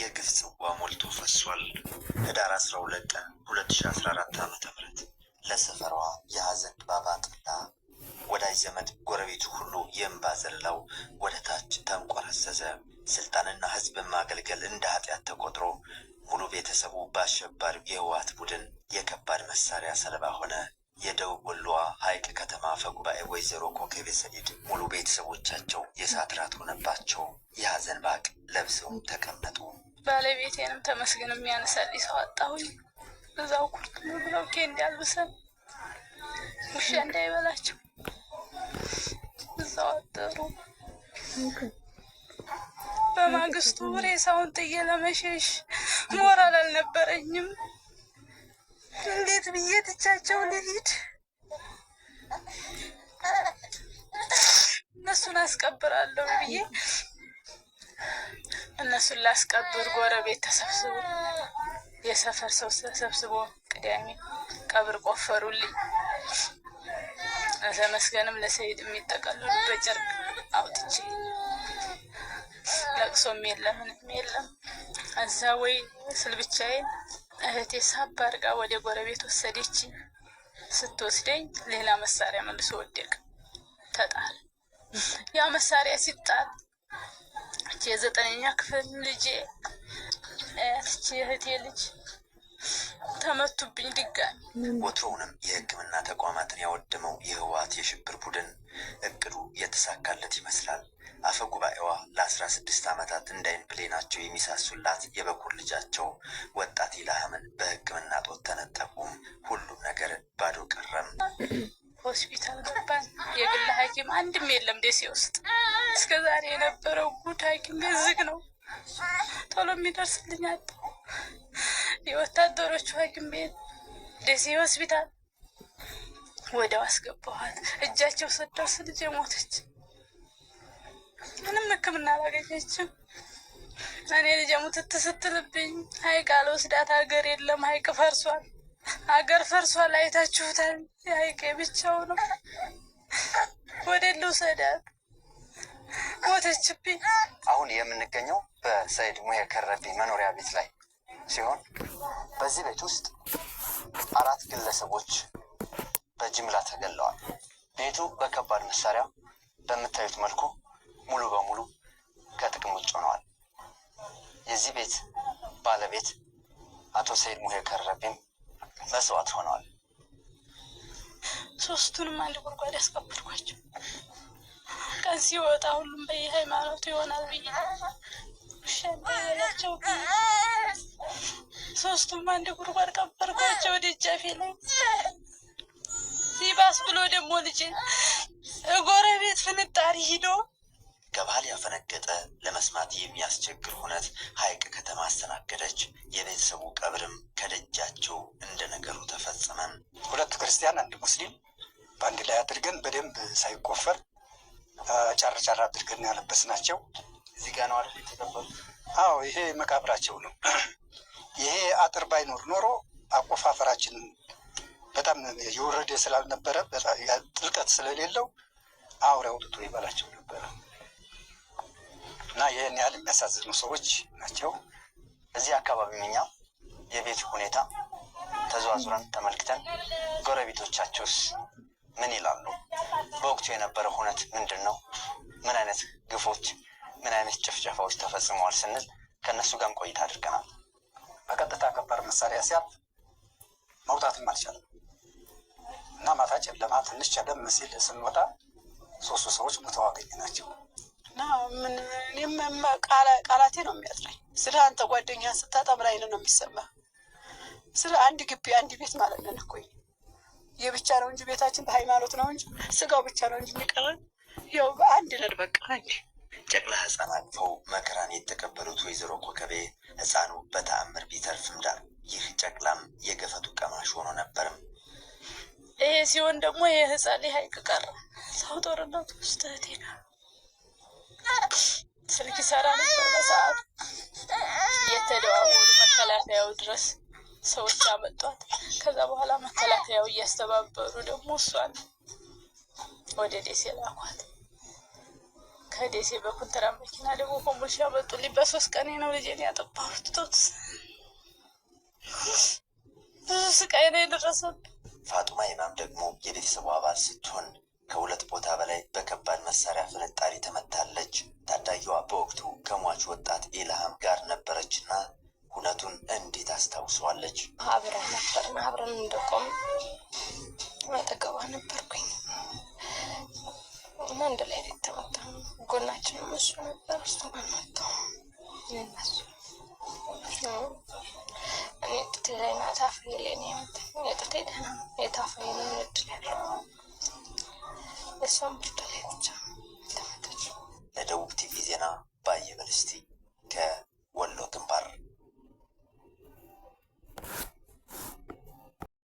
የግፍ ጽዋ ሞልቶ ፈሷል። ህዳር 12 ቀን 2014 ዓ ም ለሰፈሯ የሐዘን ድባብ አጠላ። ወዳጅ ዘመድ፣ ጎረቤቱ ሁሉ የእንባ ዘለላው ወደ ታች ተንቆረሰዘ። ስልጣንና ህዝብን ማገልገል እንደ ኃጢአት ተቆጥሮ ሙሉ ቤተሰቡ በአሸባሪው የህወሓት ቡድን የከባድ መሳሪያ ሰለባ ሆነ። የደቡብ ወሎዋ ሀይቅ ከተማ ፈጉባኤ ወይዘሮ ኮከቤ ሰኢድ ሙሉ ቤተሰቦቻቸው የእሳት ራት ሆነባቸው። የሀዘን ባቅ ለብሰውም ተቀመጡ። ባለቤቴንም ተመስገን የሚያነሳልኝ ሰው አጣሁኝ። እዛው ኩርት ብለው ኬ እንዲያልብሰን ውሻ እንዳይበላቸው እዛው አጠሩ። በማግስቱ ሬሳውን ጥዬ ለመሸሽ ሞራል አልነበረኝም። እንዴት ብዬ ትቻቸው ልሂድ? እነሱን አስቀብራለሁ ብዬ እነሱን ላስቀብር ጎረቤት ተሰብስቦ የሰፈር ሰው ተሰብስቦ ቅዳሜ ቀብር ቆፈሩልኝ። ለመስገንም ለሰይድ የሚጠቀልሉ በጨርቅ አውጥቼ ለቅሶም የለም ምንም የለም። እዛ ወይ ስል ብቻዬን እህቴ ሳብ አድርጋ ወደ ጎረቤት ወሰደች። ስትወስደኝ ሌላ መሳሪያ መልሶ ወደቅ፣ ተጣል። ያ መሳሪያ ሲጣል የዘጠነኛ ክፍል ልጄ እህቴ ልጅ ተመቱብኝ ድጋሚ። ወትሮውንም የህግምና ተቋማትን ያወደመው የህወሓት የሽብር ቡድን እቅዱ የተሳካለት ይመስላል። አፈ ጉባኤዋ ለአስራ ስድስት ዓመታት እንዳይን ብሌናቸው የሚሳሱላት የበኩር ልጃቸው ወጣት ኢላህምን በህግምና ጦት ተነጠቁ። ሁሉም ነገር ባዶ ቀረም። ሆስፒታል ገባን። የግል ሐኪም አንድም የለም ደሴ ውስጥ። እስከዛሬ የነበረው ጉድ ሐኪም ዝግ ነው። ቶሎ የሚደርስልኛል የወታደሮቹ ሐኪም ቤት ደሴ ሆስፒታል ወደ አስገባኋት። እጃቸው ስደርስ ልጄ ሞተች። ምንም ሕክምና አላገኘችም። እኔ ልጄ ሙትት ስትልብኝ ሐይቅ አልወስዳት ሀገር የለም ሐይቅ ፈርሷል፣ ሀገር ፈርሷል። አይታችሁታል። የሐይቅ ብቻው ነው። ወደ ልውሰዳት ሞተችብኝ። አሁን የምንገኘው በሰይድ ሙሄ ከረቢ መኖሪያ ቤት ላይ ሲሆን በዚህ ቤት ውስጥ አራት ግለሰቦች በጅምላ ተገለዋል። ቤቱ በከባድ መሳሪያ በምታዩት መልኩ ሙሉ በሙሉ ከጥቅም ውጭ ሆነዋል። የዚህ ቤት ባለቤት አቶ ሰይድ ሙሄ ከረቢም መስዋዕት ሆነዋል። ሶስቱንም አንድ ጉድጓድ ያስቀብድኳቸው ቀን ሲወጣ ሁሉም በየሃይማኖቱ ይሆናል ብዬ ሸናያቸው ሶስቱም አንድ ጉርጓድ ቀበርኳቸው ደጃፌ ላይ ሲባስ ብሎ ደግሞ ልጅ ጎረቤት ፍንጣሪ ሂዶ ከባህል ያፈነገጠ ለመስማት የሚያስቸግር ሁነት ሀይቅ ከተማ አስተናገደች። የቤተሰቡ ቀብርም ከደጃቸው እንደ ነገሩ ተፈጸመ። ሁለቱ ክርስቲያን አንድ ሙስሊም በአንድ ላይ አድርገን በደንብ ሳይቆፈር ጫር ጫር አድርገን ያለበስ ናቸው። እዚህ ጋ ነው አይደል የተቀበሩት? አዎ፣ ይሄ መቃብራቸው ነው። ይሄ አጥር ባይኖር ኖሮ አቆፋፈራችን በጣም የወረደ ስላልነበረ ጥልቀት ስለሌለው አውሬ አውጥቶ ይበላቸው ነበረ እና ይህን ያህል የሚያሳዝኑ ሰዎች ናቸው። እዚህ አካባቢ እኛ የቤት ሁኔታ ተዘዋዙረን ተመልክተን ጎረቤቶቻቸውስ ምን ይላሉ? በወቅቱ የነበረው ሁነት ምንድን ነው? ምን አይነት ግፎች ምን አይነት ጭፍጨፋዎች ተፈጽመዋል ስንል ከእነሱ ጋርም ቆይታ አድርገናል። በቀጥታ ከባድ መሳሪያ ሲያል መውጣትም አልቻለም እና ማታ ጨለማ ትንሽ ጨለም ሲል ስንወጣ ሶስቱ ሰዎች ሙተው አገኘ ናቸው እና እኔም ቃላቴ ነው የሚያጥረኝ። ስለ አንተ ጓደኛ ስታጣ ምን አይነት ነው የሚሰማ? ስለ አንድ ግቢ አንድ ቤት ማለት ነን እኮ የብቻ ነው እንጂ ቤታችን በሃይማኖት ነው እንጂ ስጋው ብቻ ነው እንጂ የሚቀረን ያው በአንድ ነን በቃ እንጂ ጨቅላ ህፃን አቅፈው መከራን የተቀበሉት ወይዘሮ ኮከቤ ህፃኑ በተአምር ቢተርፍም ዳር ይህ ጨቅላም የገፈቱ ቀማሽ ሆኖ ነበርም። ይሄ ሲሆን ደግሞ የህፃን ሀይቅ ቀረ ሰው ጦርነት ውስጥ እህቴና ስልክ ይሰራ ነበር በሰዓቱ የተደዋወሉ መከላከያው ድረስ ሰዎች አመጧት። ከዛ በኋላ መከላከያው እያስተባበሩ ደግሞ እሷን ወደ ደሴ ላኳት። ከደሴ በኩንትራ መኪና ደግሞ ኮምቦልቻ ያመጡልኝ። በሶስት ቀኔ ነው ልጄን ያጠባሁት። ብዙ ስቃይ ነው የደረሰብኝ። ፋጡማ ኢማም ደግሞ የቤተሰቡ አባል ስትሆን ከሁለት ቦታ በላይ በከባድ መሳሪያ ፍንጣሪ ተመታለች። ታዳጊዋ በወቅቱ ከሟች ወጣት ኢልሃም ጋር ነበረችና እውነቱን እንዴት አስታውሰዋለች? አብረን ነበርን፣ አብረን እንደቆም አጠገቧ ነበርኩኝ እና አንድ ላይ ተመታ ጎናችን እሱ ነበር። እሱ መጣው እኔ ጥቴ ላይ እና ታፍ ላይ ነው የጥቴ ደህና የታፍ ላይ ነው እድል ያለው እሷም ብርድ ላይ ብቻ ተመታች። በደቡብ ቲቪ ዜና ባየበልስቲ